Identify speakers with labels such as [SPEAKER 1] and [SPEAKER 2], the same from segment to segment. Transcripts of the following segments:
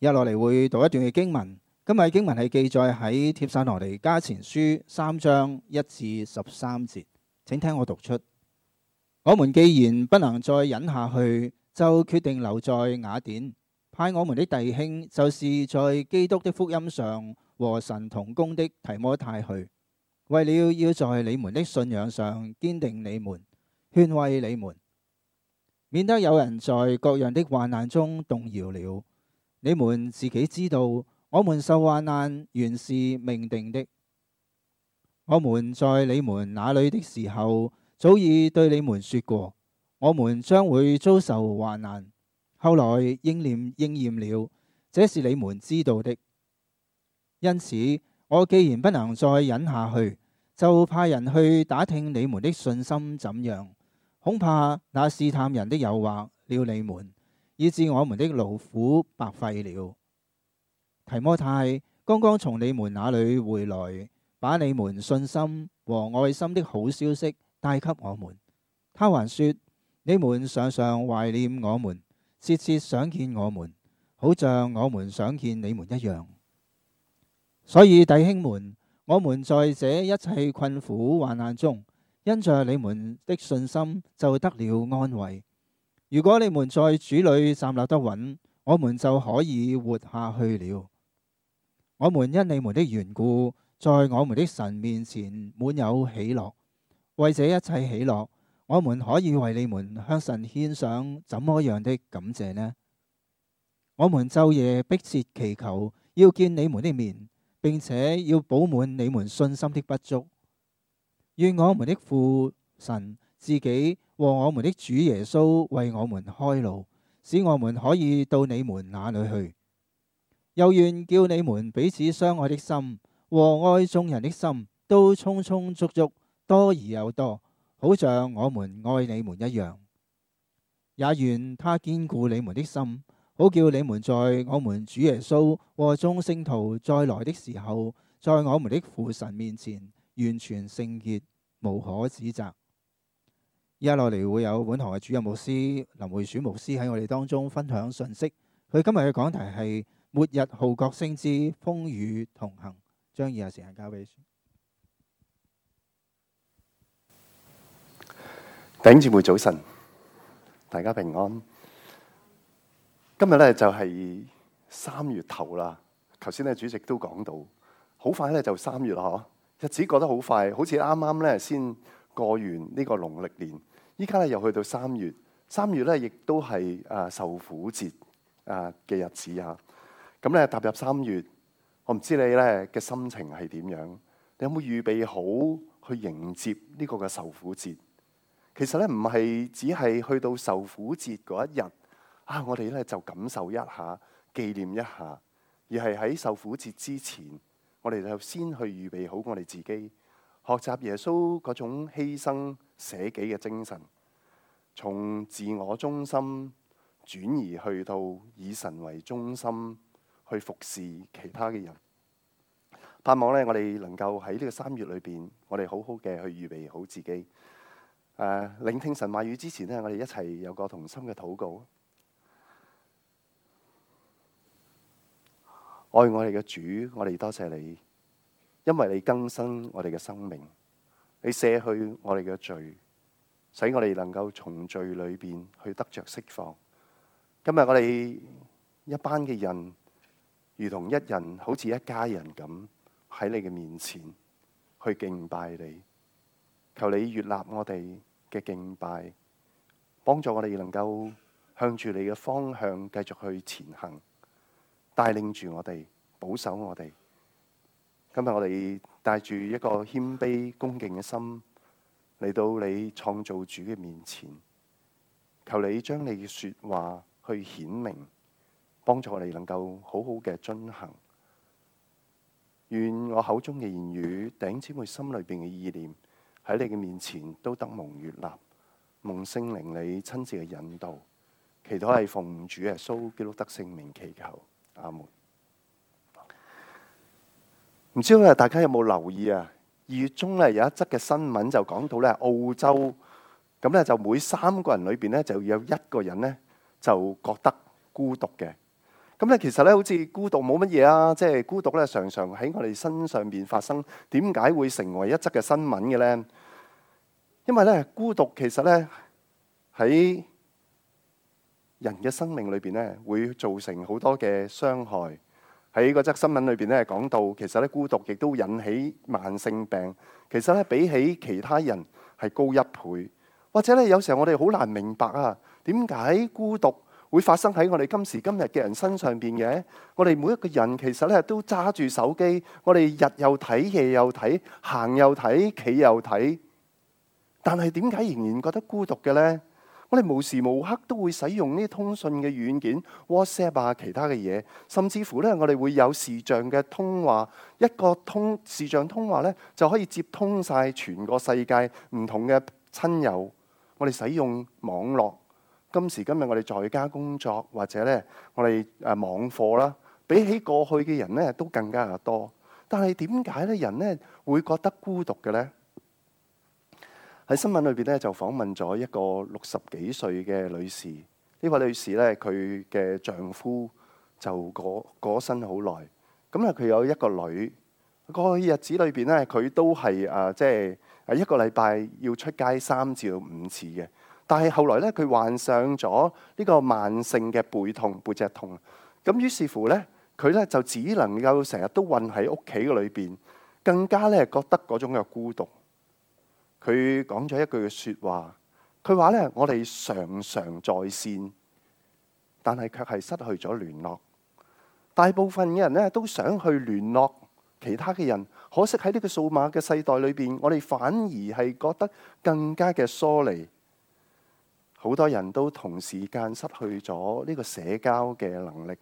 [SPEAKER 1] 又落嚟會讀一段嘅經文，今日經文係記載喺帖撒羅尼加前書三章一至十三節，請聽我讀出。我們既然不能再忍下去，就決定留在雅典，派我們的弟兄就是在基督的福音上和神同工的提摩太去，為了要在你們的信仰上堅定你們，勸慰你們，免得有人在各樣的患難中動搖了。你們自己知道，我們受患難原是命定的。我們在你們那裏的時候，早已對你們說過，我們將會遭受患難。後來應驗應驗了，這是你們知道的。因此，我既然不能再忍下去，就派人去打聽你們的信心怎樣，恐怕那試探人的誘惑了你們。以致我們的勞苦白費了。提摩太剛剛從你們那裏回來，把你們信心和愛心的好消息帶給我們。他還說，你們常常懷念我們，切切想見我們，好像我們想見你們一樣。所以弟兄們，我們在這一切困苦患難中，因着你們的信心，就得了安慰。如果你們在主裏站立得穩，我們就可以活下去了。我們因你們的緣故，在我們的神面前滿有喜樂。為這一切喜樂，我們可以為你們向神獻上怎麼樣的感謝呢？我們晝夜迫切祈求，要見你們的面，並且要補滿你們信心的不足。願我們的父神自己。和我們的主耶穌為我們開路，使我們可以到你們那裏去。又願叫你們彼此相愛的心和愛眾人的心都充充足足、多而又多，好像我們愛你們一樣。也願他堅固你們的心，好叫你們在我們主耶穌和眾聖徒再來的時候，在我們的父神面前完全聖潔、無可指責。依家落嚟會有本堂嘅主任牧師林會選牧師喺我哋當中分享信息。佢今日嘅講題係《末日號角聲之風雨同行》。將二亞時間交俾弟
[SPEAKER 2] 兄姊妹。早晨，大家平安。今日咧就係、是、三月頭啦。頭先咧主席都講到，好快咧就三月啦嗬。日子過得好快，好似啱啱咧先。過完呢個農曆年，依家咧又去到三月，三月咧亦都係啊受苦節啊嘅日子啊。咁、嗯、咧踏入三月，我唔知你咧嘅心情係點樣，你有冇預備好去迎接呢個嘅受苦節？其實咧唔係只係去到受苦節嗰一日啊，我哋咧就感受一下、紀念一下，而係喺受苦節之前，我哋就先去預備好我哋自己。學習耶穌嗰種犧牲捨己嘅精神，從自我中心轉移去到以神為中心，去服侍其他嘅人。盼望呢，我哋能夠喺呢個三月裏面，我哋好好嘅去預備好自己。誒、呃，聆聽神話語之前呢，我哋一齊有個同心嘅禱告。愛我哋嘅主，我哋多謝你。因為你更新我哋嘅生命，你卸去我哋嘅罪，使我哋能夠從罪裏邊去得着釋放。今日我哋一班嘅人，如同一人，好似一家人咁喺你嘅面前去敬拜你。求你悅納我哋嘅敬拜，幫助我哋能夠向住你嘅方向繼續去前行，帶領住我哋，保守我哋。今日我哋帶住一個謙卑恭敬嘅心嚟到你創造主嘅面前，求你將你嘅說話去顯明，幫助我哋能夠好好嘅遵行。願我口中嘅言語、頂姊妹心裏邊嘅意念，喺你嘅面前都得蒙悦納，蒙聖靈你親自嘅引導。祈禱係奉主耶穌基督嘅聖名祈求，阿門。唔知咧，大家有冇留意啊？二月中咧有一則嘅新聞就講到咧，澳洲咁咧就每三個人裏邊咧就有一個人咧就覺得孤獨嘅。咁咧其實咧好似孤獨冇乜嘢啊，即係孤獨咧常常喺我哋身上邊發生。點解會成為一則嘅新聞嘅咧？因為咧孤獨其實咧喺人嘅生命裏邊咧會造成好多嘅傷害。喺嗰則新聞裏邊咧講到，其實咧孤獨亦都引起慢性病，其實咧比起其他人係高一倍，或者咧有時候我哋好難明白啊，點解孤獨會發生喺我哋今時今日嘅人身上邊嘅？我哋每一個人其實咧都揸住手機，我哋日又睇，夜又睇，行又睇，企又睇，但係點解仍然覺得孤獨嘅咧？我哋無時無刻都會使用呢啲通訊嘅軟件 WhatsApp 啊，其他嘅嘢，甚至乎呢，我哋會有視像嘅通話，一個通視像通話呢，就可以接通晒全個世界唔同嘅親友。我哋使用網絡，今時今日我哋在家工作或者呢，我哋誒、啊、網課啦，比起過去嘅人呢，都更加多。但係點解呢？人呢，會覺得孤獨嘅呢？喺新聞裏邊咧，就訪問咗一個六十幾歲嘅女士。呢位女士咧，佢嘅丈夫就過過身好耐。咁啊，佢有一個女。過去日子裏邊咧，佢都係啊，即係啊，一個禮拜要出街三至五次嘅。但係後來咧，佢患上咗呢個慢性嘅背痛、背脊痛。咁於是乎咧，佢咧就只能夠成日都困喺屋企裏邊，更加咧覺得嗰種嘅孤獨。佢講咗一句説話，佢話咧：我哋常常在線，但係卻係失去咗聯絡。大部分嘅人咧都想去聯絡其他嘅人，可惜喺呢個數碼嘅世代裏邊，我哋反而係覺得更加嘅疏離。好多人都同時間失去咗呢個社交嘅能力。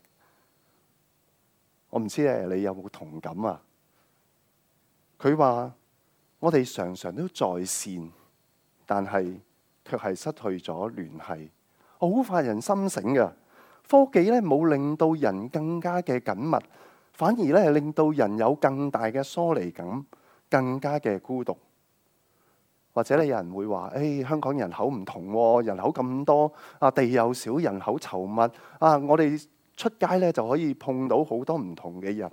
[SPEAKER 2] 我唔知你有冇同感啊？佢話。我哋常常都在線，但係卻係失去咗聯繫，好發人心省㗎。科技咧冇令到人更加嘅緊密，反而咧令到人有更大嘅疏離感，更加嘅孤獨。或者咧有人會話：誒，香港人口唔同喎，人口咁多啊，地又少，人口稠密啊，我哋出街咧就可以碰到好多唔同嘅人。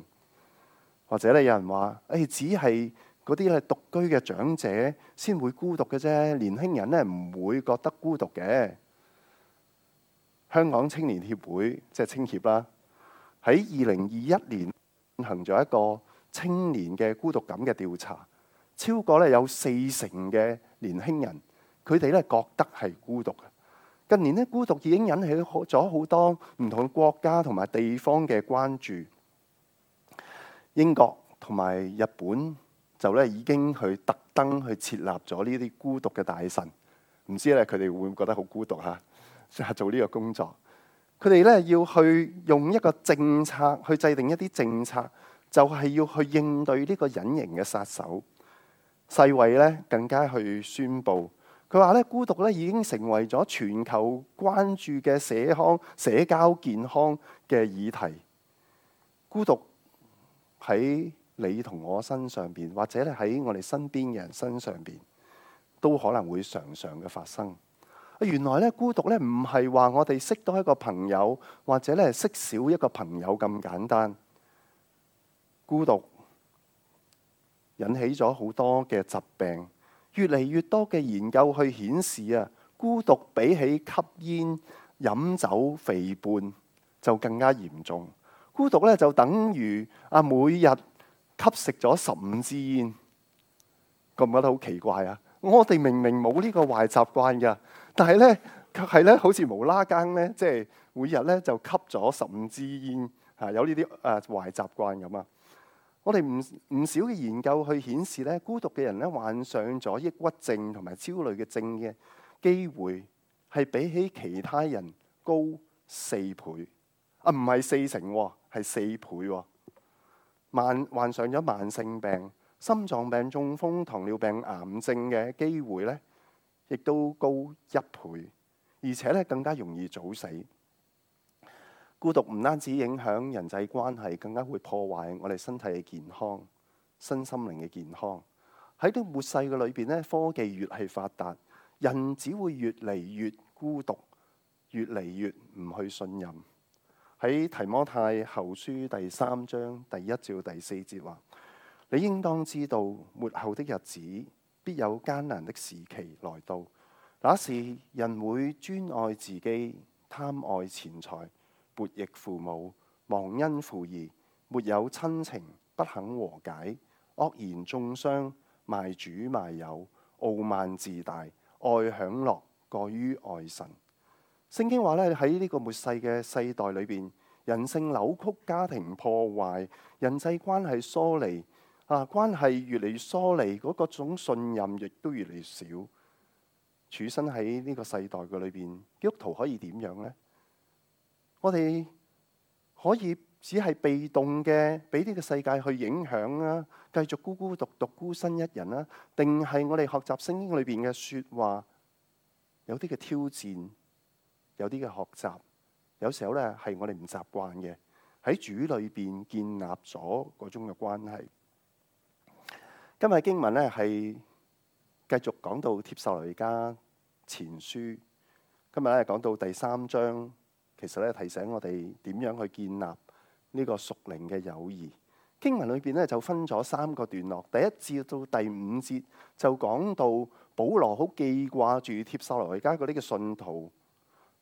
[SPEAKER 2] 或者咧有人話：誒，只係，嗰啲係獨居嘅長者先會孤獨嘅啫。年輕人咧唔會覺得孤獨嘅。香港青年協會即係青協啦，喺二零二一年進行咗一個青年嘅孤獨感嘅調查，超過咧有四成嘅年輕人佢哋咧覺得係孤獨嘅。近年咧孤獨已經引起咗好多唔同國家同埋地方嘅關注，英國同埋日本。就咧已經去特登去設立咗呢啲孤獨嘅大臣，唔知咧佢哋會唔會覺得好孤獨嚇、啊？做呢個工作，佢哋咧要去用一個政策去制定一啲政策，就係、是、要去應對呢個隱形嘅殺手。世衛咧更加去宣佈，佢話咧孤獨咧已經成為咗全球關注嘅社康、社交健康嘅議題。孤獨喺，你同我身上邊，或者咧喺我哋身邊嘅人身上邊，都可能會常常嘅發生。原來咧孤獨咧唔係話我哋識多一個朋友或者咧識少一個朋友咁簡單。孤獨引起咗好多嘅疾病，越嚟越多嘅研究去顯示啊，孤獨比起吸煙、飲酒、肥胖就更加嚴重。孤獨咧就等於啊，每日。吸食咗十五支煙，覺唔覺得好奇怪啊？我哋明明冇呢個壞習慣嘅，但係咧，卻係咧，好似無啦更咧，即係每日咧就吸咗十五支煙，吓有呢啲誒壞習慣咁啊！我哋唔唔少嘅研究去顯示咧，孤獨嘅人咧患上咗抑鬱症同埋焦慮嘅症嘅機會係比起其他人高四倍啊！唔係四成，係四倍喎。患患上咗慢性病、心臟病、中風、糖尿病、癌症嘅機會咧，亦都高一倍，而且咧更加容易早死。孤獨唔單止影響人際關係，更加會破壞我哋身體嘅健康、身心靈嘅健康。喺啲末世嘅裏邊咧，科技越係發達，人只會越嚟越孤獨，越嚟越唔去信任。喺提摩太後書第三章第一至第四節話：你應當知道末後的日子必有艱難的時期來到，那時人會專愛自己、貪愛錢財、背逆父母、忘恩負義、沒有親情、不肯和解、惡言中傷、賣主賣友、傲慢自大、愛享樂過於愛神。聖經話咧，喺呢個末世嘅世代裏邊，人性扭曲，家庭破壞，人際關係疏離啊，關係越嚟越疏離，嗰各種信任亦都越嚟越少。處身喺呢個世代嘅裏邊，基督徒可以點樣呢？我哋可以只係被動嘅，俾呢個世界去影響啊，繼續孤孤獨獨、孤身一人啦，定係我哋學習聖經裏邊嘅說話，有啲嘅挑戰。有啲嘅學習，有時候咧係我哋唔習慣嘅。喺主裏邊建立咗嗰種嘅關係。今日經文咧係繼續講到帖撒羅尼迦前書。今日咧講到第三章，其實咧提醒我哋點樣去建立呢個屬靈嘅友誼。經文裏邊咧就分咗三個段落，第一節到第五節就講到保羅好記掛住帖撒羅尼迦嗰啲嘅信徒。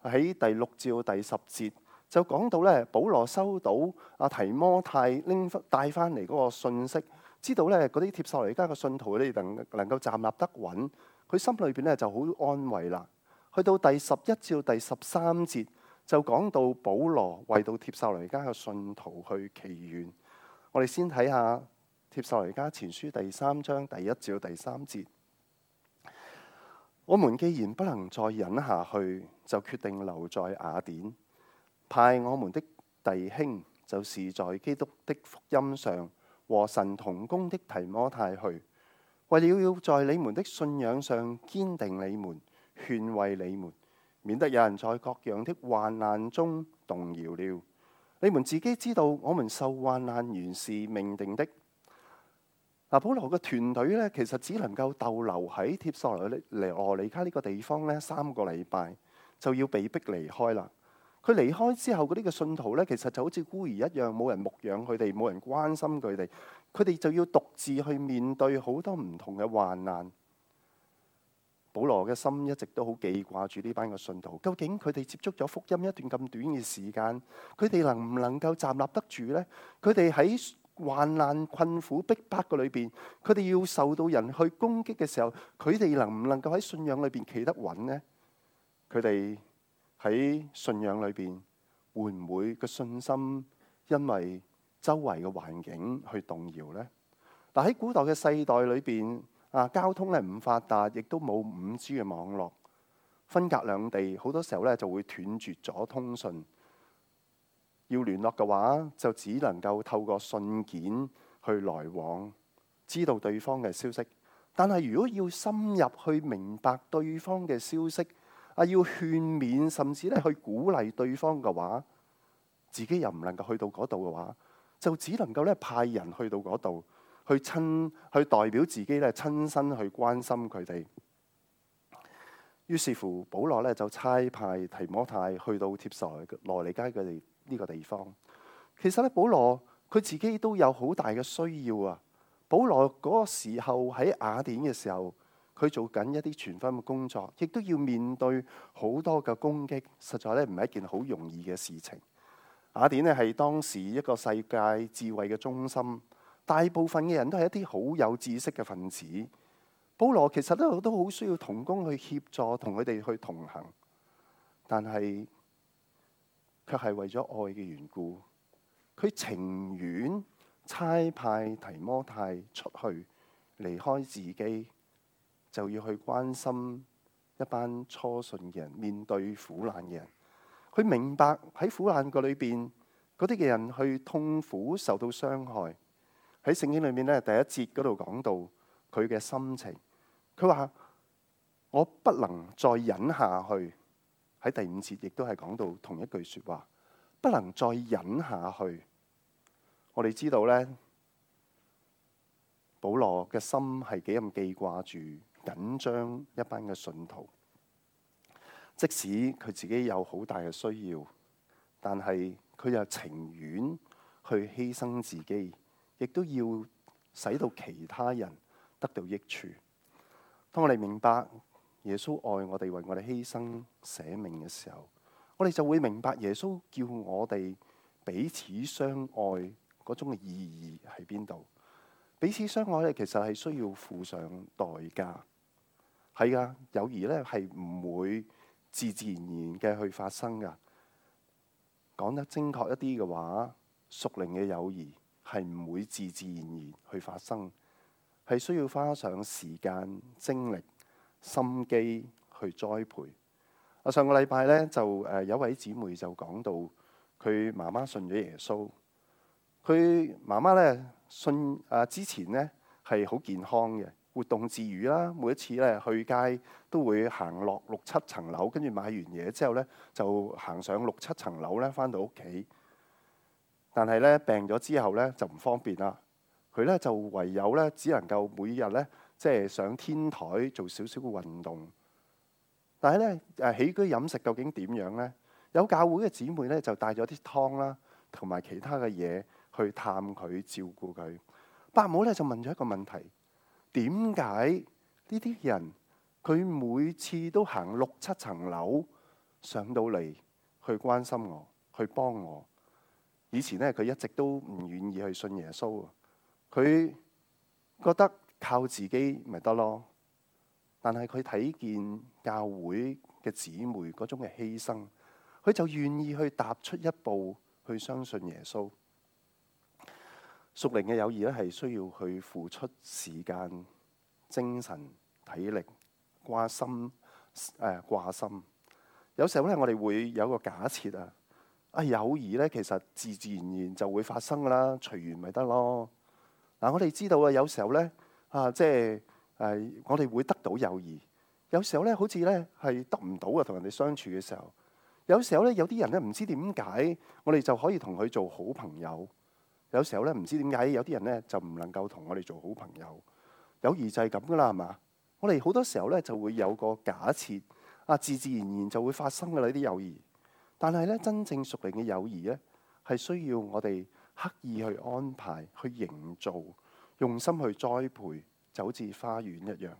[SPEAKER 2] 喺第六至到第十節就講到咧，保羅收到阿提摩太拎翻帶翻嚟嗰個訊息，知道咧嗰啲帖撒羅尼迦嘅信徒咧能能夠站立得穩，佢心裏邊咧就好安慰啦。去到第十一至到第十三節就講到保羅為到帖撒羅尼迦嘅信徒去祈願。我哋先睇下帖撒羅尼迦前書第三章第一至到第三節。我們既然不能再忍下去，就決定留在雅典，派我們的弟兄就是在基督的福音上和神同工的提摩太去，為了要在你們的信仰上堅定你們，勸慰你們，免得有人在各樣的患難中動搖了。你們自己知道，我們受患難原是命定的。嗱，保羅個團隊咧，其實只能夠逗留喺帖撒羅尼嚟羅尼卡呢個地方咧，三個禮拜就要被迫離開啦。佢離開之後，嗰啲嘅信徒咧，其實就好似孤兒一樣，冇人牧養佢哋，冇人關心佢哋，佢哋就要獨自去面對好多唔同嘅患難。保羅嘅心一直都好記掛住呢班嘅信徒。究竟，佢哋接觸咗福音一段咁短嘅時間，佢哋能唔能夠站立得住呢？佢哋喺患難困苦逼迫嘅裏邊，佢哋要受到人去攻擊嘅時候，佢哋能唔能夠喺信仰裏邊企得穩呢？佢哋喺信仰裏邊會唔會個信心因為周圍嘅環境去動搖呢？嗱，喺古代嘅世代裏邊啊，交通咧唔發達，亦都冇五 G 嘅網絡，分隔兩地好多時候咧就會斷絕咗通訊。要聯絡嘅話，就只能夠透過信件去來往，知道對方嘅消息。但係如果要深入去明白對方嘅消息，啊，要勸勉甚至咧去鼓勵對方嘅話，自己又唔能夠去到嗰度嘅話，就只能夠咧派人去到嗰度，去親去代表自己咧親身去關心佢哋。於是乎，保羅咧就差派提摩太去到帖撒羅尼迦見佢哋。呢個地方其實咧，保羅佢自己都有好大嘅需要啊！保羅嗰個時候喺雅典嘅時候，佢做緊一啲傳福音嘅工作，亦都要面對好多嘅攻擊。實在咧，唔係一件好容易嘅事情。雅典呢係當時一個世界智慧嘅中心，大部分嘅人都係一啲好有知識嘅分子。保羅其實都都好需要同工去協助，同佢哋去同行，但係，卻係為咗愛嘅緣故，佢情願差派提摩太出去，離開自己，就要去關心一班初信嘅人，面對苦難嘅人。佢明白喺苦難個裏邊，嗰啲嘅人去痛苦、受到傷害。喺聖經裏面咧，第一節嗰度講到佢嘅心情，佢話：我不能再忍下去。喺第五節，亦都係講到同一句説話，不能再忍下去。我哋知道咧，保羅嘅心係幾咁記掛住緊張一班嘅信徒，即使佢自己有好大嘅需要，但係佢又情願去犧牲自己，亦都要使到其他人得到益處。當我哋明白，耶穌愛我哋，為我哋犧牲捨命嘅時候，我哋就會明白耶穌叫我哋彼此相愛嗰種意義喺邊度。彼此相愛咧，其實係需要付上代價，係噶。友誼咧係唔會自自然然嘅去發生噶。講得精確一啲嘅話，屬靈嘅友誼係唔會自自然然去發生，係需要花上時間精力、心機去栽培。我上個禮拜咧就誒有位姊妹就講到佢媽媽信咗耶穌，佢媽媽咧信啊之前咧，係好健康嘅活動自如啦，每一次咧去街都會行落六七層樓，跟住買完嘢之後咧就行上六七層樓咧返到屋企。但係咧病咗之後咧就唔方便啦，佢咧就唯有咧只能夠每日咧。即係上天台做少少嘅運動，但係咧誒，起居飲食究竟點樣咧？有教會嘅姊妹咧，就帶咗啲湯啦，同埋其他嘅嘢去探佢照顧佢。伯母咧就問咗一個問題：點解呢啲人，佢每次都行六七層樓上到嚟去關心我，去幫我？以前咧佢一直都唔願意去信耶穌，佢覺得。靠自己咪得咯，但係佢睇見教會嘅姊妹嗰種嘅犧牲，佢就願意去踏出一步去相信耶穌。屬靈嘅友誼咧，係需要去付出時間、精神、體力、掛心誒、呃、掛心。有時候咧，我哋會有一個假設啊，啊友誼咧其實自自然然就會發生噶啦，隨緣咪得咯。嗱，我哋知道啊，有時候咧。啊，即係、呃，我哋會得到友誼。有時候咧，好似咧係得唔到嘅，同人哋相處嘅時候。有時候咧，有啲人咧唔知點解，我哋就可以同佢做好朋友。有時候咧，唔知點解，有啲人咧就唔能夠同我哋做好朋友。友誼就係咁噶啦，係嘛？我哋好多時候咧就會有個假設，啊，自自然然就會發生噶呢啲友誼。但係咧，真正熟稔嘅友誼咧，係需要我哋刻意去安排、去營造。用心去栽培，就好似花園一樣。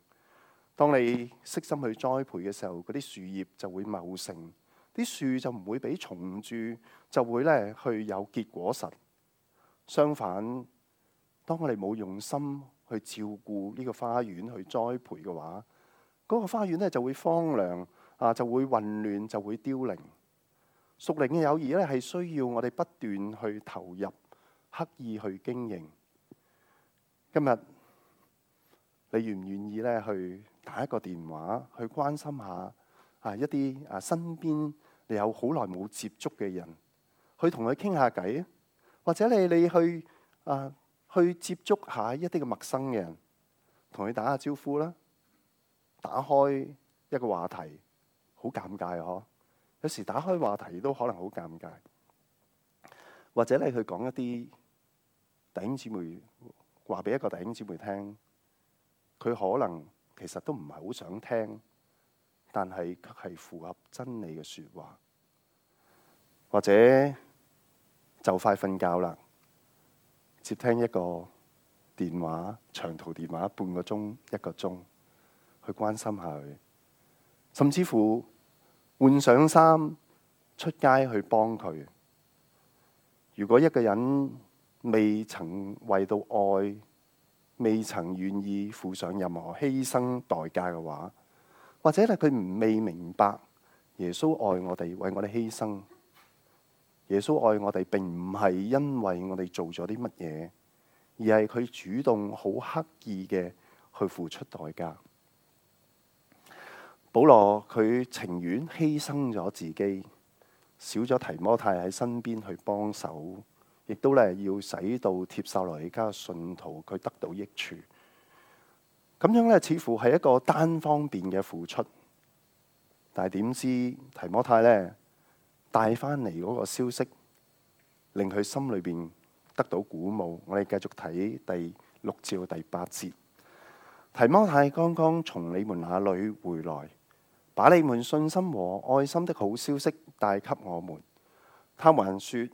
[SPEAKER 2] 當你悉心去栽培嘅時候，嗰啲樹葉就會茂盛，啲樹就唔會俾蟲蛀，就會咧去有結果實。相反，當我哋冇用心去照顧呢個花園去栽培嘅話，嗰、那個花園咧就會荒涼啊，就會混亂，就會凋零。屬靈嘅友誼咧係需要我哋不斷去投入、刻意去經營。今日你願唔願意咧去打一個電話，去關心下啊一啲啊身邊你有好耐冇接觸嘅人，去同佢傾下偈啊，或者你你去啊去接觸下一啲嘅陌生嘅人，同佢打下招呼啦，打開一個話題，好尷尬啊嗬！有時打開話題都可能好尷尬，或者你去講一啲弟兄姊妹。話俾一個弟兄姊妹聽，佢可能其實都唔係好想聽，但係佢係符合真理嘅說話。或者就快瞓覺啦，接聽一個電話，長途電話半個鐘、一個鐘，去關心下佢，甚至乎換上衫出街去幫佢。如果一個人，未曾為到愛，未曾願意付上任何犧牲代價嘅話，或者係佢唔未明白耶穌愛我哋，為我哋犧牲。耶穌愛我哋，並唔係因為我哋做咗啲乜嘢，而係佢主動好刻意嘅去付出代價。保羅，佢情願犧牲咗自己，少咗提摩太喺身邊去幫手。亦都咧要使到帖撒羅家加信徒佢得到益處，咁樣咧似乎係一個單方面嘅付出，但係點知提摩太咧帶翻嚟嗰個消息，令佢心裏邊得到鼓舞。我哋繼續睇第六至第八節，提摩太剛剛從你們那裏回來，把你們信心和愛心的好消息帶給我們。他還說。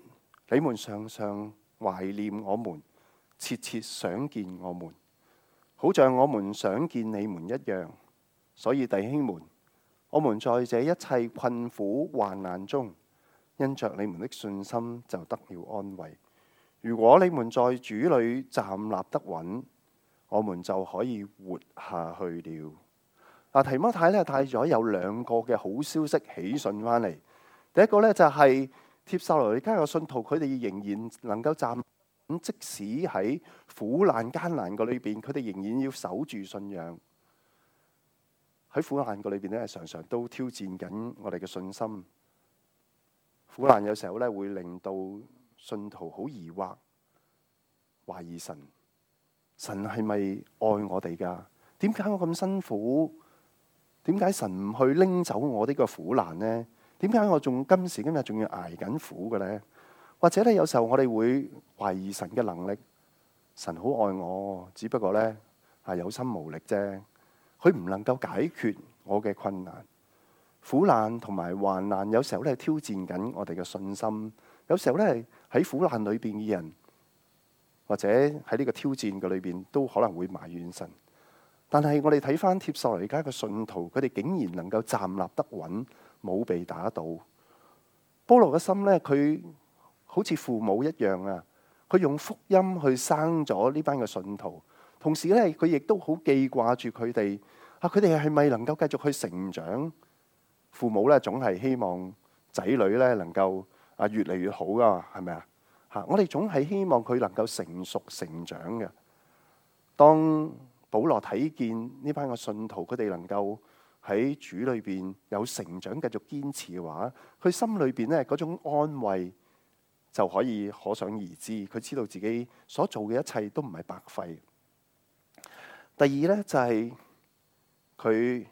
[SPEAKER 2] 你們常常懷念我們，切切想見我們，好像我們想見你們一樣。所以弟兄們，我們在這一切困苦患難中，因着你們的信心就得了安慰。如果你們在主裏站立得穩，我們就可以活下去了。嗱、啊，提摩太呢帶咗有兩個嘅好消息喜訊返嚟，第一個呢，就係、是。帖撒羅尼迦嘅信徒，佢哋仍然能夠站，即使喺苦難艱難嘅裏面，佢哋仍然要守住信仰。喺苦難嘅裏邊咧，常常都挑戰緊我哋嘅信心。苦難有時候咧，會令到信徒好疑惑、懷疑神。神係咪愛我哋㗎？點解我咁辛苦？點解神唔去拎走我呢個苦難呢？點解我仲今時今日仲要挨緊苦嘅呢？或者咧，有時候我哋會懷疑神嘅能力。神好愛我，只不過呢，係有心無力啫。佢唔能夠解決我嘅困難、苦難同埋患難。有時候咧，挑戰緊我哋嘅信心。有時候咧，喺苦難裏邊嘅人，或者喺呢個挑戰嘅裏邊，都可能會埋怨神。但係我哋睇翻帖撒羅尼迦嘅信徒，佢哋竟然能夠站立得穩。冇被打倒，保羅嘅心咧，佢好似父母一樣啊！佢用福音去生咗呢班嘅信徒，同時咧，佢亦都好記掛住佢哋啊！佢哋係咪能夠繼續去成長？父母咧，總係希望仔女咧能夠啊越嚟越好噶，係咪啊？吓，我哋總係希望佢能夠成熟成長嘅。當保羅睇見呢班嘅信徒，佢哋能夠。喺主裏邊有成長，繼續堅持嘅話，佢心裏邊咧嗰種安慰就可以可想而知。佢知道自己所做嘅一切都唔係白費。第二咧就係佢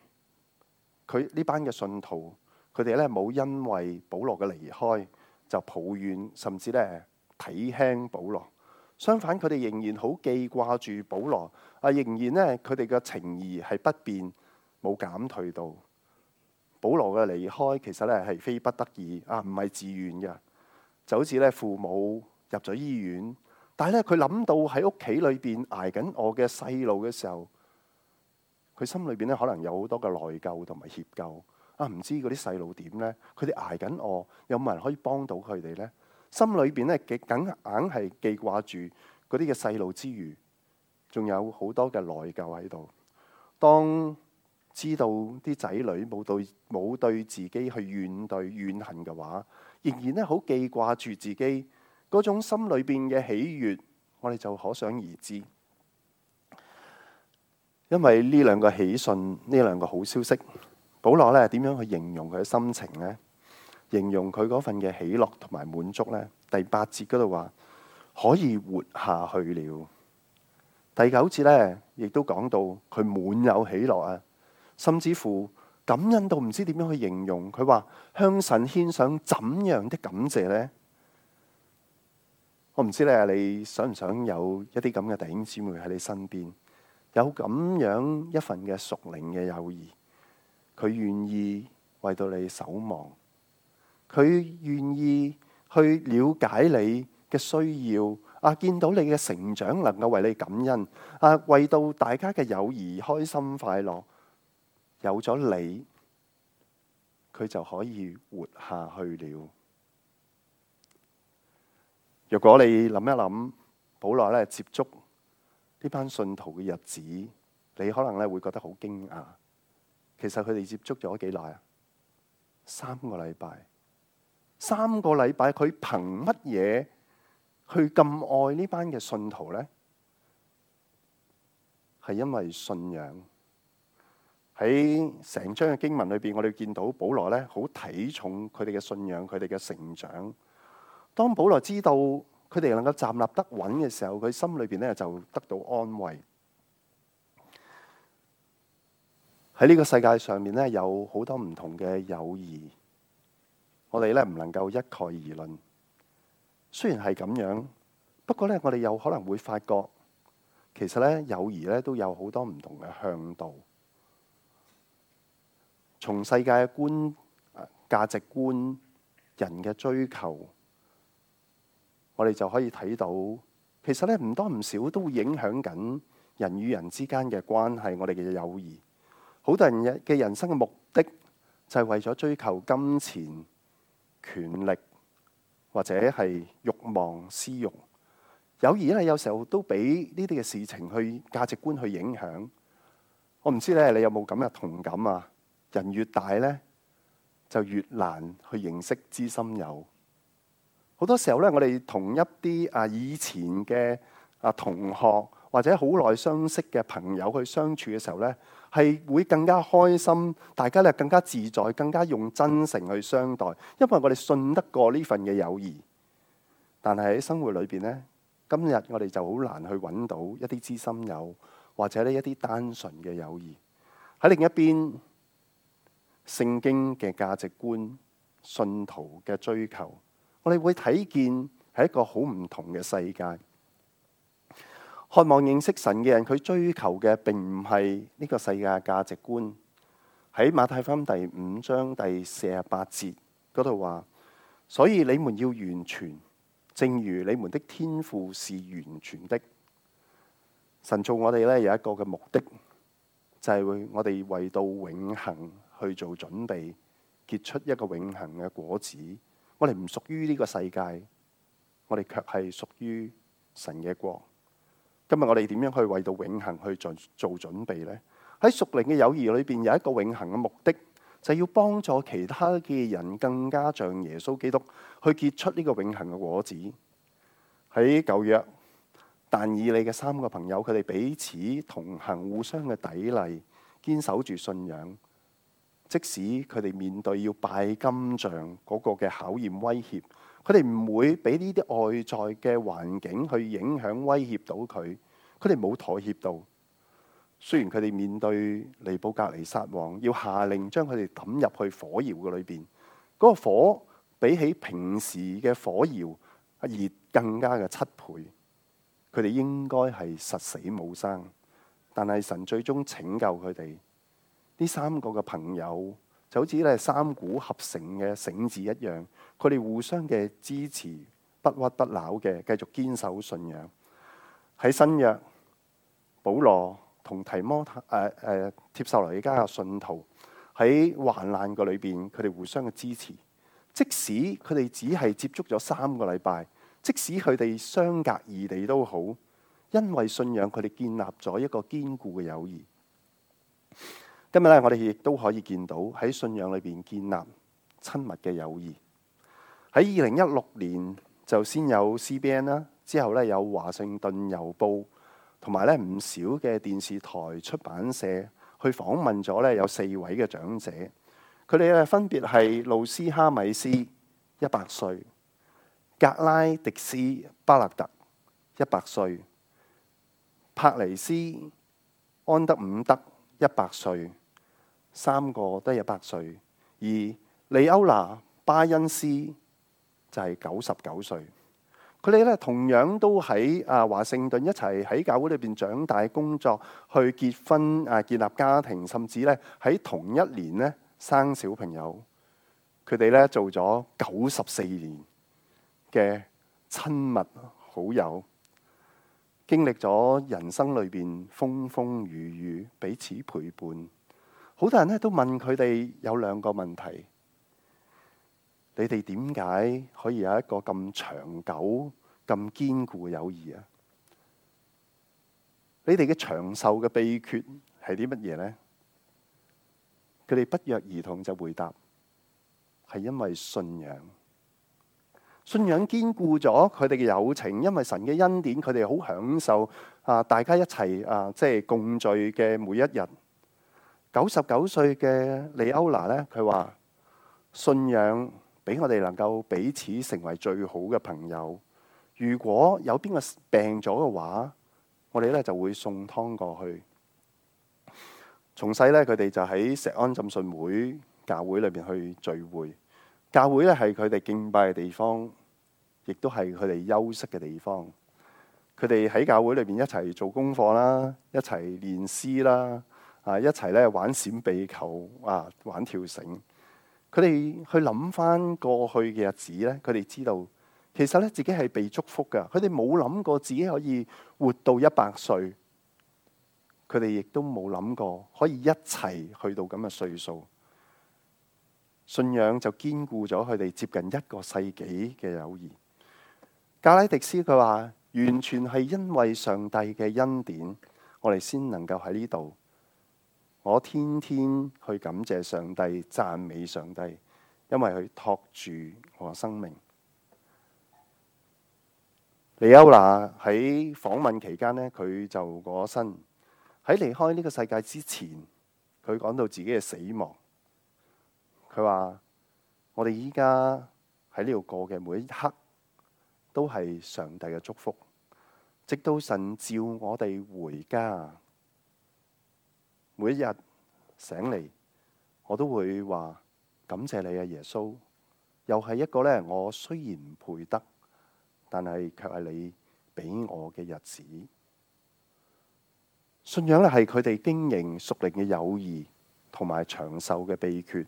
[SPEAKER 2] 佢呢班嘅信徒，佢哋咧冇因為保羅嘅離開就抱怨，甚至咧睇輕保羅。相反，佢哋仍然好記掛住保羅，啊，仍然咧佢哋嘅情誼係不變。冇減退到。保羅嘅離開其實咧係非不得已啊，唔係自願嘅。就好似咧父母入咗醫院，但係咧佢諗到喺屋企裏邊捱緊我嘅細路嘅時候，佢心裏邊咧可能有好多嘅內疚同埋歉疚啊！唔知嗰啲細路點咧？佢哋捱緊我，有冇人可以幫到佢哋咧？心裏邊咧極緊硬係記掛住嗰啲嘅細路之餘，仲有好多嘅內疚喺度。當知道啲仔女冇對冇對自己去怨、對怨恨嘅話，仍然咧好記掛住自己嗰種心裏邊嘅喜悦，我哋就可想而知。因為呢兩個喜訊，呢兩個好消息，保羅咧點樣去形容佢嘅心情呢？形容佢嗰份嘅喜樂同埋滿足呢？第八節嗰度話可以活下去了。第九節咧亦都講到佢滿有喜樂啊！甚至乎感恩到唔知點樣去形容佢，話向神獻上怎樣的感謝咧？我唔知咧，你想唔想有一啲咁嘅弟兄姊妹喺你身邊，有咁樣一份嘅屬靈嘅友誼？佢願意為到你守望，佢願意去了解你嘅需要，啊，見到你嘅成長能夠為你感恩，啊，為到大家嘅友誼開心快樂。有咗你，佢就可以活下去了。如果你諗一諗，保羅咧接觸呢班信徒嘅日子，你可能咧會覺得好驚訝。其實佢哋接觸咗幾耐？三個禮拜，三個禮拜，佢憑乜嘢去咁愛呢班嘅信徒呢？係因為信仰。喺成章嘅經文裏邊，我哋見到保羅咧，好睇重佢哋嘅信仰，佢哋嘅成長。當保羅知道佢哋能夠站立得穩嘅時候，佢心裏邊咧就得到安慰。喺呢個世界上面咧，有好多唔同嘅友誼，我哋咧唔能夠一概而論。雖然係咁樣，不過咧我哋有可能會發覺，其實咧友誼咧都有好多唔同嘅向度。從世界嘅觀、價值觀、人嘅追求，我哋就可以睇到，其實咧唔多唔少都會影響緊人與人之間嘅關係。我哋嘅友誼，好多人嘅人生嘅目的就係為咗追求金錢、權力或者係慾望私欲。友誼咧，有時候都俾呢啲嘅事情去價值觀去影響。我唔知咧，你有冇咁嘅同感啊？人越大咧，就越難去認識知心友。好多時候咧，我哋同一啲啊以前嘅啊同學，或者好耐相識嘅朋友去相處嘅時候咧，係會更加開心，大家咧更加自在，更加用真誠去相待，因為我哋信得過呢份嘅友誼。但係喺生活裏邊咧，今日我哋就好難去揾到一啲知心友，或者呢一啲單純嘅友誼。喺另一邊。聖經嘅價值觀，信徒嘅追求，我哋會睇見係一個好唔同嘅世界。渴望認識神嘅人，佢追求嘅並唔係呢個世界嘅價值觀。喺馬太福音第五章第四十八節嗰度話：所以你們要完全，正如你們的天父是完全的。神造我哋咧，有一個嘅目的，就係會我哋為到永恆。去做準備，結出一個永恆嘅果子。我哋唔屬於呢個世界，我哋卻係屬於神嘅國。今日我哋點樣去為到永恆去做做準備呢？喺屬靈嘅友誼裏邊，有一個永恆嘅目的，就係要幫助其他嘅人更加像耶穌基督，去結出呢個永恆嘅果子。喺舊約，但以理嘅三個朋友，佢哋彼此同行，互相嘅砥礪，堅守住信仰。即使佢哋面對要拜金像嗰個嘅考驗威脅，佢哋唔會俾呢啲外在嘅環境去影響威脅到佢。佢哋冇妥協到。雖然佢哋面對尼布甲尼撒王要下令將佢哋抌入去火窑嘅裏邊，嗰、嗰個火比起平時嘅火窑熱更加嘅七倍，佢哋應該係實死冇生。但係神最終拯救佢哋。呢三個嘅朋友就好似呢三股合成嘅繩子一樣，佢哋互相嘅支持，不屈不撓嘅繼續堅守信仰。喺新約，保羅同提摩誒誒帖撒羅尼迦嘅信徒喺患難個裏邊，佢哋互相嘅支持，即使佢哋只係接觸咗三個禮拜，即使佢哋相隔異地都好，因為信仰，佢哋建立咗一個堅固嘅友誼。今日咧，我哋亦都可以見到喺信仰裏邊建立親密嘅友誼。喺二零一六年就先有 CBN 啦，之後咧有華盛頓郵報同埋咧唔少嘅電視台、出版社去訪問咗咧有四位嘅長者，佢哋咧分別係路斯哈米斯一百歲、格拉迪斯巴勒特一百歲、帕尼斯安德伍德一百歲。三個都係一百歲，而李歐娜巴恩斯就係九十九歲。佢哋咧同樣都喺啊華盛頓一齊喺教會裏邊長大、工作、去結婚、啊建立家庭，甚至咧喺同一年咧生小朋友。佢哋咧做咗九十四年嘅親密好友，經歷咗人生裏邊風風雨雨，彼此陪伴。好多人咧都問佢哋有兩個問題：你哋點解可以有一個咁長久、咁堅固嘅友誼啊？你哋嘅長壽嘅秘訣係啲乜嘢呢？佢哋不約而同就回答：係因為信仰，信仰堅固咗佢哋嘅友情，因為神嘅恩典，佢哋好享受啊！大家一齊啊，即係共聚嘅每一日。九十九歲嘅李歐娜咧，佢話信仰俾我哋能夠彼此成為最好嘅朋友。如果有邊個病咗嘅話，我哋咧就會送湯過去。從細咧，佢哋就喺石安浸信會教會裏邊去聚會。教會咧係佢哋敬拜嘅地方，亦都係佢哋休息嘅地方。佢哋喺教會裏邊一齊做功課啦，一齊練詩啦。啊！一齊咧玩閃避球啊，玩跳繩。佢哋去諗翻過去嘅日子咧，佢哋知道其實咧自己係被祝福噶。佢哋冇諗過自己可以活到一百歲，佢哋亦都冇諗過可以一齊去到咁嘅歲數。信仰就堅固咗佢哋接近一個世紀嘅友誼。格拉迪斯佢話：完全係因為上帝嘅恩典，我哋先能夠喺呢度。我天天去感謝上帝、讚美上帝，因為佢托住我生命。尼歐娜喺訪問期間呢佢就過身。喺離開呢個世界之前，佢講到自己嘅死亡。佢話：我哋依家喺呢度過嘅每一刻，都係上帝嘅祝福，直到神召我哋回家。每一日醒嚟，我都會話感謝你啊，耶穌！又係一個呢，我雖然唔配得，但係卻係你俾我嘅日子。信仰呢係佢哋經營熟齡嘅友誼同埋長壽嘅秘訣。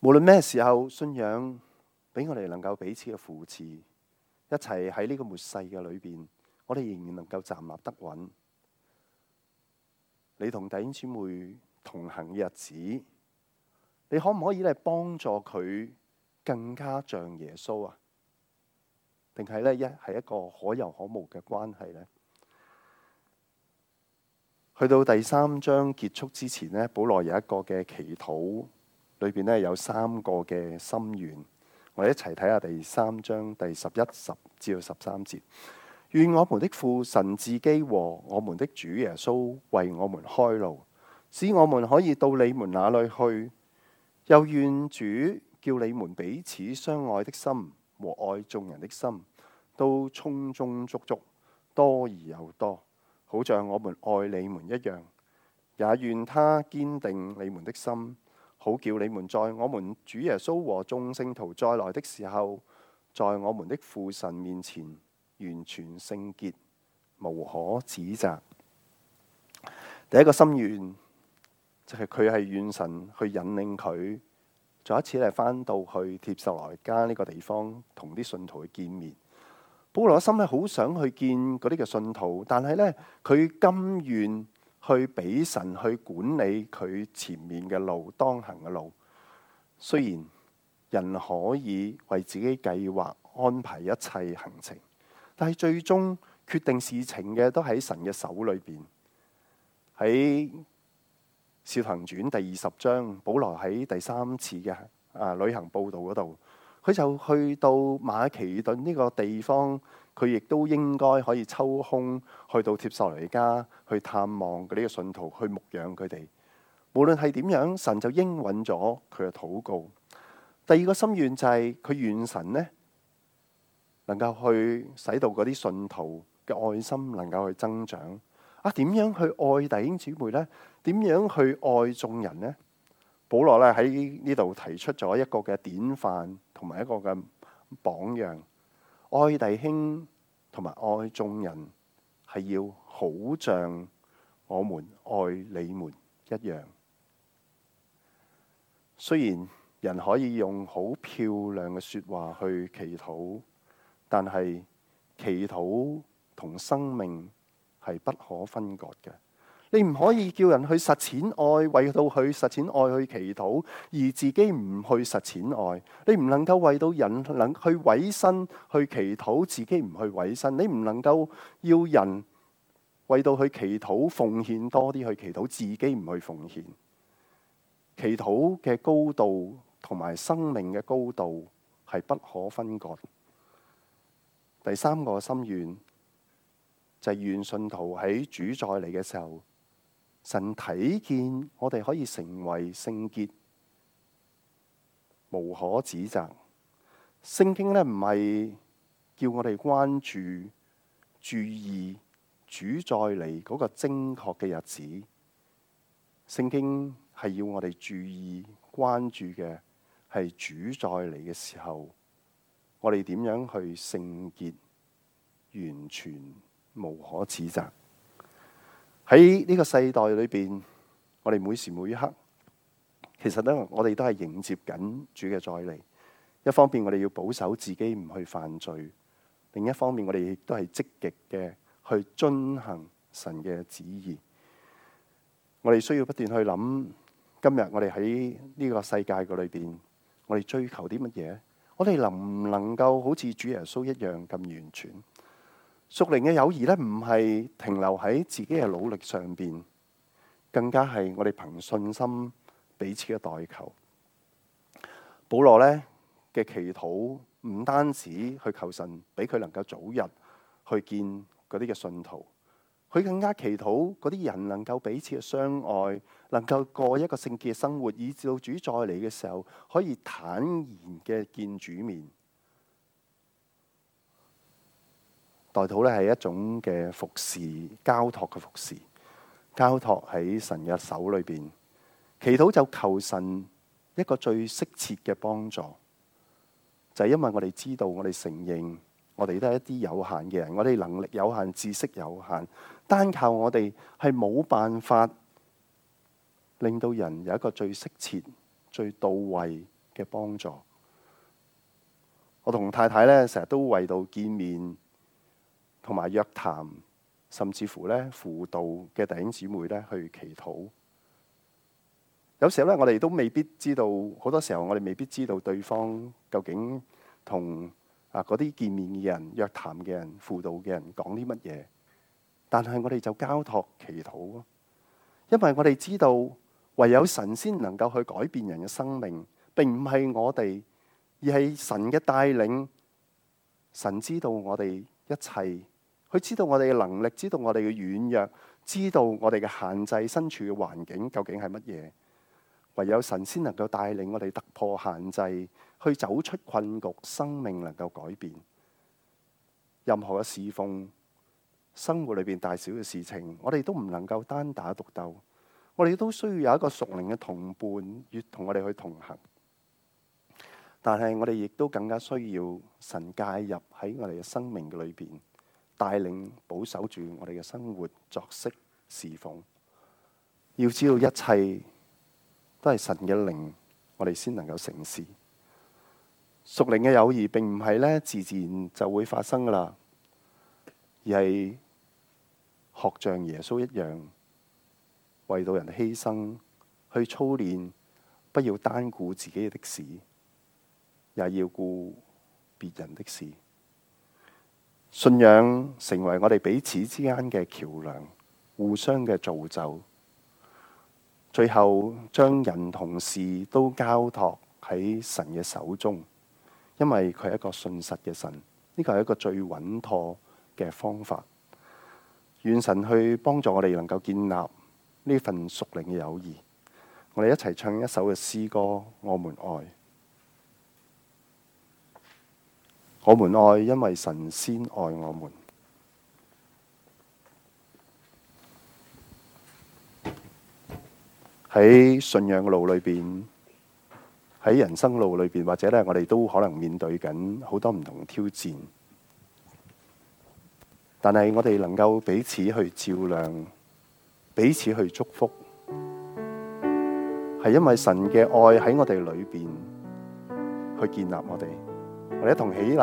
[SPEAKER 2] 無論咩時候，信仰俾我哋能夠彼此嘅扶持，一齊喺呢個末世嘅裏邊，我哋仍然能夠站立得穩。你同弟兄姊妹同行嘅日子，你可唔可以咧幫助佢更加像耶穌啊？定係咧一係一個可有可無嘅關係咧？去到第三章結束之前咧，保羅有一個嘅祈禱，裏邊咧有三個嘅心願，我哋一齊睇下第三章第十一十至到十三節。願我們的父神自己和我們的主耶穌為我們開路，使我們可以到你們那裏去。又願主叫你們彼此相愛的心和愛眾人的心都充充足足，多而又多，好像我們愛你們一樣。也願他堅定你們的心，好叫你們在我們主耶穌和眾聖徒再來的時候，在我們的父神面前。完全聖潔，無可指責。第一個心願就係佢係願神去引領佢再一次嚟，返到去帖撒羅家呢個地方，同啲信徒去見面。保羅心係好想去見嗰啲嘅信徒，但係呢，佢甘願去俾神去管理佢前面嘅路，當行嘅路。雖然人可以為自己計劃安排一切行程。但係最終決定事情嘅都喺神嘅手裏邊。喺《使徒行傳》第二十章，保羅喺第三次嘅，啊，旅行布道嗰度，佢就去到馬其頓呢個地方，佢亦都應該可以抽空去到帖撒羅尼加去探望佢呢個信徒，去牧養佢哋。無論係點樣，神就應允咗佢嘅禱告。第二個心願就係、是、佢願神呢？能夠去使到嗰啲信徒嘅愛心能夠去增長啊？點樣去愛弟兄姊妹呢？點樣去愛眾人呢？保羅咧喺呢度提出咗一個嘅典範同埋一個嘅榜樣，愛弟兄同埋愛眾人係要好像我們愛你們一樣。雖然人可以用好漂亮嘅說話去祈禱。但係祈禱同生命係不可分割嘅。你唔可以叫人去實踐愛，為到去實踐愛去祈禱，而自己唔去實踐愛。你唔能夠為到人能去委身去祈禱，自己唔去委身。你唔能夠要人為到去祈禱，奉獻多啲去祈禱，自己唔去奉獻。祈禱嘅高度同埋生命嘅高度係不可分割。第三個心願就係、是、願信徒喺主再嚟嘅時候，神睇見我哋可以成為聖潔，無可指責。聖經呢，唔係叫我哋關注、注意主再嚟嗰個正確嘅日子。聖經係要我哋注意、關注嘅係主再嚟嘅時候。我哋點樣去聖潔？完全無可指責。喺呢個世代裏邊，我哋每時每刻，其實呢，我哋都係迎接緊主嘅再嚟。一方面，我哋要保守自己唔去犯罪；另一方面，我哋亦都係積極嘅去遵行神嘅旨意。我哋需要不斷去諗，今日我哋喺呢個世界嘅裏邊，我哋追求啲乜嘢？我哋能唔能夠好似主耶穌一樣咁完全？屬靈嘅友誼咧，唔係停留喺自己嘅努力上邊，更加係我哋憑信心彼此嘅代求。保羅咧嘅祈禱，唔單止去求神俾佢能夠早日去見嗰啲嘅信徒。佢更加祈禱嗰啲人能夠彼此嘅相愛，能夠過一個聖潔嘅生活，以至到主再嚟嘅時候，可以坦然嘅見主面。代禱咧係一種嘅服侍，交託嘅服侍，交託喺神嘅手裏邊。祈禱就求神一個最適切嘅幫助，就係因為我哋知道，我哋承認，我哋都係一啲有限嘅人，我哋能力有限，知識有限。單靠我哋係冇辦法令到人有一個最適切、最到位嘅幫助。我同太太咧成日都為到見面同埋約談，甚至乎咧輔導嘅弟兄姊妹咧去祈禱。有時候咧，我哋都未必知道，好多時候我哋未必知道對方究竟同啊嗰啲見面嘅人、約談嘅人、輔導嘅人講啲乜嘢。但係我哋就交託祈禱咯，因為我哋知道唯有神先能夠去改變人嘅生命，並唔係我哋，而係神嘅帶領。神知道我哋一切，佢知道我哋嘅能力，知道我哋嘅軟弱，知道我哋嘅限制，身處嘅環境究竟係乜嘢？唯有神先能夠帶領我哋突破限制，去走出困局，生命能夠改變。任何嘅侍奉。生活裏邊大小嘅事情，我哋都唔能夠單打獨鬥，我哋都需要有一個屬靈嘅同伴，與同我哋去同行。但係我哋亦都更加需要神介入喺我哋嘅生命嘅裏邊，帶領保守住我哋嘅生活作息侍奉。要知道一切都係神嘅靈，我哋先能夠成事。屬靈嘅友誼並唔係咧自然就會發生噶啦，而係。學像耶穌一樣，為到人犧牲，去操練，不要單顧自己的事，也要顧別人的事。信仰成為我哋彼此之間嘅橋梁，互相嘅造就，最後將人同事都交託喺神嘅手中，因為佢係一個信實嘅神，呢個係一個最穩妥嘅方法。願神去幫助我哋，能夠建立呢份屬靈嘅友誼。我哋一齊唱一首嘅詩歌，我們愛，我們愛，因為神先愛我們。喺信仰嘅路裏邊，喺人生路裏邊，或者呢，我哋都可能面對緊好多唔同挑戰。但係我哋能夠彼此去照亮，彼此去祝福，係因為神嘅愛喺我哋裏面去建立我哋，我哋一同起立，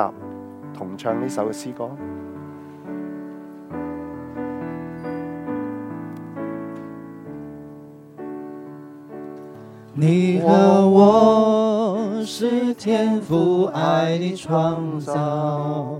[SPEAKER 2] 同唱呢首嘅詩歌。
[SPEAKER 3] 你和我是天父愛的創造。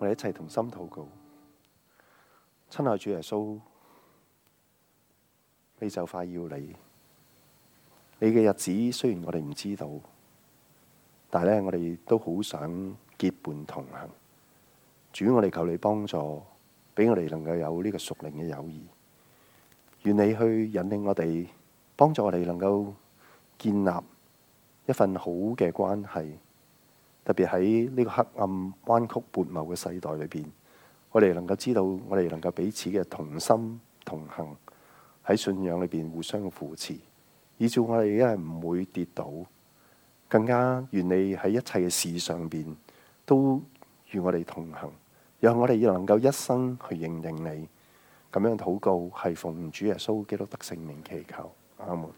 [SPEAKER 2] 我哋一齊同心禱告，親愛主耶穌，你就快要嚟，你嘅日子雖然我哋唔知道，但係咧我哋都好想結伴同行。主，我哋求你幫助，畀我哋能夠有呢個屬靈嘅友誼，願你去引領我哋，幫助我哋能夠建立一份好嘅關係。特別喺呢個黑暗彎曲悖謬嘅世代裏邊，我哋能夠知道，我哋能夠彼此嘅同心同行，喺信仰裏邊互相扶持，以至我哋一係唔會跌倒，更加願你喺一切嘅事上邊都與我哋同行，讓我哋能夠一生去認定你，咁樣禱告係奉主耶穌基督得勝名祈求，阿門。